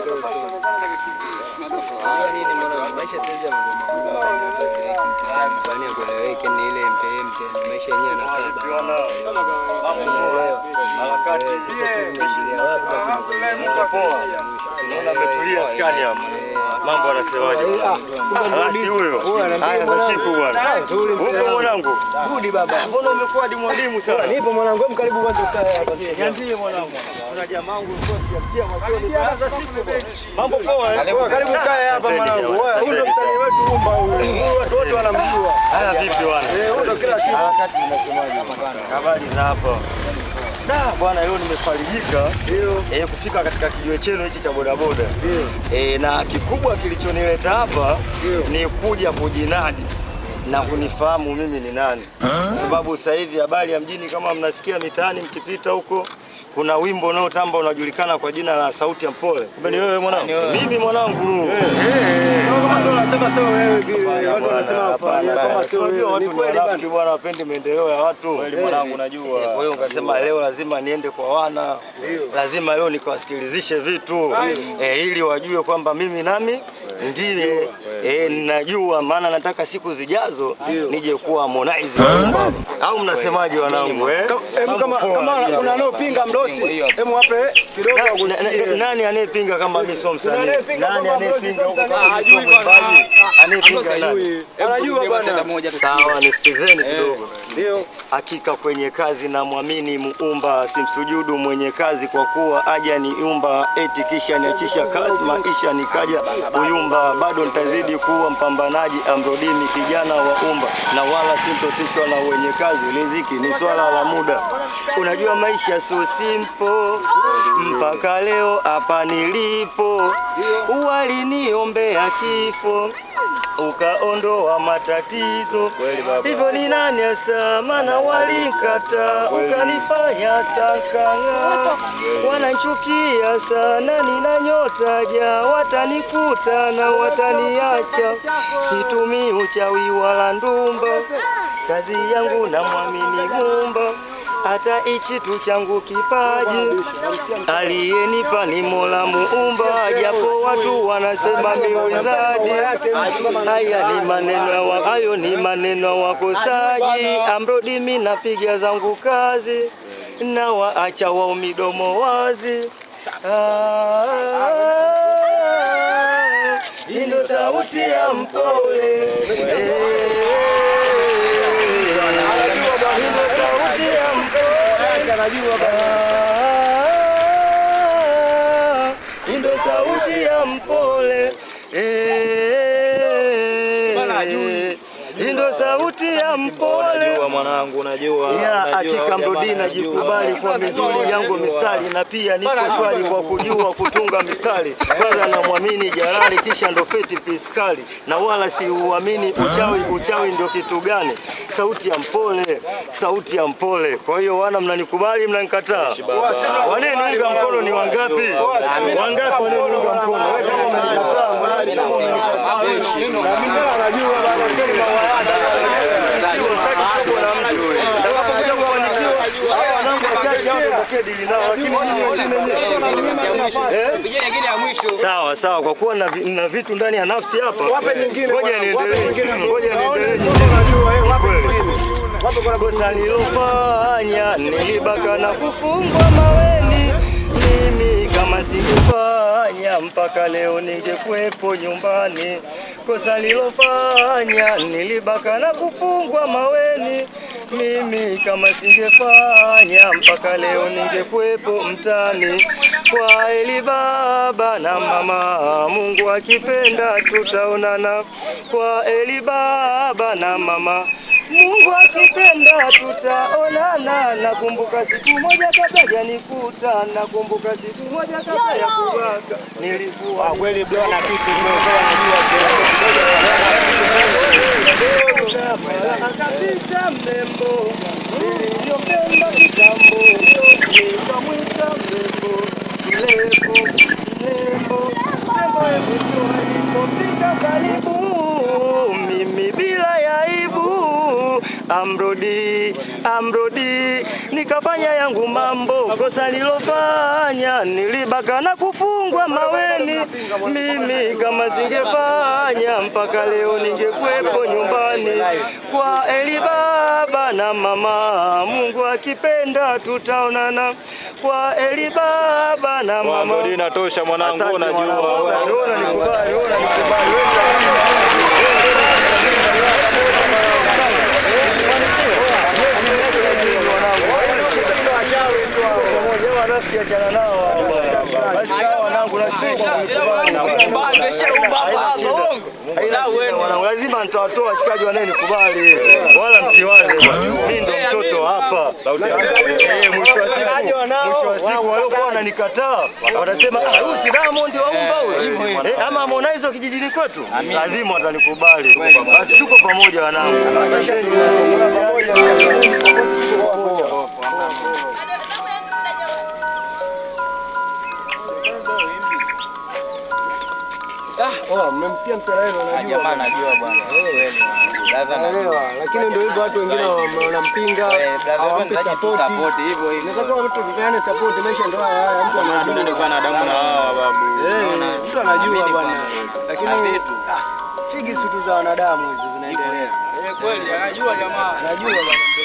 Mungu apoa. Naona ametulia skani hapa. Mambo anasemaje? Basi huyo. Haya sasa siku bwana. Wewe mwanangu. Rudi baba. Mbona umekuwa di mwalimu sana? Nipo mwanangu, mkaribu kwanza ukae hapa. Niambie mwanangu. Kuna jamaa wangu ulikuwa sijafikia mwakoni. Sasa siku. Mambo poa. Karibu kae hapa mwanangu. Huyu ndo mtani wetu Rumba huyu. Watu wote wanamjua. Haya vipi bwana? Eh, huyu ndo kila kitu. Habari za hapo. Da bwana, leo nimefarijika eh, kufika katika kijiwe chenu hichi cha bodaboda eh, na kikubwa kilichonileta hapa ni kuja kujinadi na kunifahamu mimi ni nani, ah? sababu sasa hivi habari ya mjini kama mnasikia mitaani mkipita huko kuna wimbo unaotamba unajulikana kwa jina la Sauti ya Mpole. Kumbe ni wewe mwanangu? Mimi mwanangu. Bwana wapendi maendeleo ya watu. Mwanangu najua. Kwa hiyo ukasema leo lazima niende kwa wana, lazima leo nikawasikilizishe vitu eh, ili wajue kwamba mimi nami ndiye eh, ninajua eh, maana nataka siku zijazo nije kuwa Harmonize au mnasemaje wanangu eh? Kama kama kuna anayopinga Mdosi, hebu wape kidogo. Nani anayepinga kama mimi sio msanii? Nani anayepinga huko kama hajui ah, bwana? Anayepinga nani? Anajua bwana. Sawa, nisikizeni eh, kidogo. Ndio. Hakika kwenye kazi na mwamini muumba, simsujudu mwenye kazi kwa kuwa aja umba eti kisha niachisha kazi maisha nikaja ah, uyumba kwamba bado nitazidi kuwa mpambanaji amrodini, kijana wa umba na wala sintotishwa na wenye kazi. Riziki ni swala la muda, unajua maisha so simple. Mpaka leo hapa nilipo, ombea kifo ukaondoa matatizo. Hivyo ni nani hasa, maana walikata, ukanifanya sakanga, wananchukia sana, nina nyota ja, watanikuta na wataniacha, situmii uchawi wala ndumba, kazi yangu na mwamini Mumba hata ichi tu changu kipaji aliyenipa ni Mola Muumba, japo watu wanasema miuzadi. Haya ni maneno hayo ni maneno wakosaji. Amrodi mi napiga zangu kazi na waacha wao midomo wazi. Ah, ah, ah, Ino sauti ya mpole eh, Ndio sauti ya mpole, eh, ndio sauti Tabia mpole, mwanangu, najua hakika. Mrudi najikubali kwa mizuri yangu mistari, na pia niko shwari kwa kujua kutunga mistari. Kwanza namwamini Jalali, kisha ndo feti fiskali, na wala siuamini uchawi. Uchawi ndio kitu gani? Sauti ya mpole, sauti ya mpole. Kwa hiyo wana, mnanikubali mnanikataa? Wananiunga mkono ni wangapi? Wangapi wananiunga mkono? Wewe kama umenikataa Eh? Sawa sawa, kwa kuwa na vitu ndani ya nafsi hapa, eh, ngoja niendelee, ngoja niendelee kosa nilofanya nilibaka na kufungwa maweni. Mimi kama sikufanya mpaka leo ningekuwepo nyumbani. Kosa nilofanya nilibaka na kufungwa maweni mimi kama singefanya mpaka leo ningekuwepo mtani. Kwa eli baba na mama, Mungu akipenda tutaonana. Kwa eli baba na mama Mungu akipenda tutaonana. Nakumbuka siku moja kaka nikuta nakumbuka siku moja kaka ya kubaka nilikuwa ah, kweli bwana kitu kumwita mrembo, niliyopenda kitambo, nikamwita mrembo, mrembo, mrembo, mrembo, hebu njoo hapo, fika karibu amrudi amrudi, nikafanya yangu mambo, kosa nilofanya nilibaka na kufungwa maweni. Mimi kama singefanya mpaka leo ningekwepo nyumbani kwa Eli baba na mama. Mungu akipenda tutaonana kwa Eli baba na mama. Natosha mwanangu, unajua basi achana nao wanangu, lazima nitawatoa washikaji wanayenikubali, wala msiwaze, mimi ndo mtoto hapa. Mwisho waliokuwa wananikataa watasema huyu si Diamond waumba wewe ama Harmonize wa kijijini kwetu, lazima watanikubali. Basi tuko pamoja wanangu. Ah, mmemsikia Mseraeno anajua, anajua Lakini ndio hivyo, watu wengine wanampinga, hawampi hivyo maisha ndio haya, eh, mtu anajua bwana, lakini ah, figi sutu za wanadamu hizo zinaendelea. Eh, kweli anajua jamaa, anajua bwana.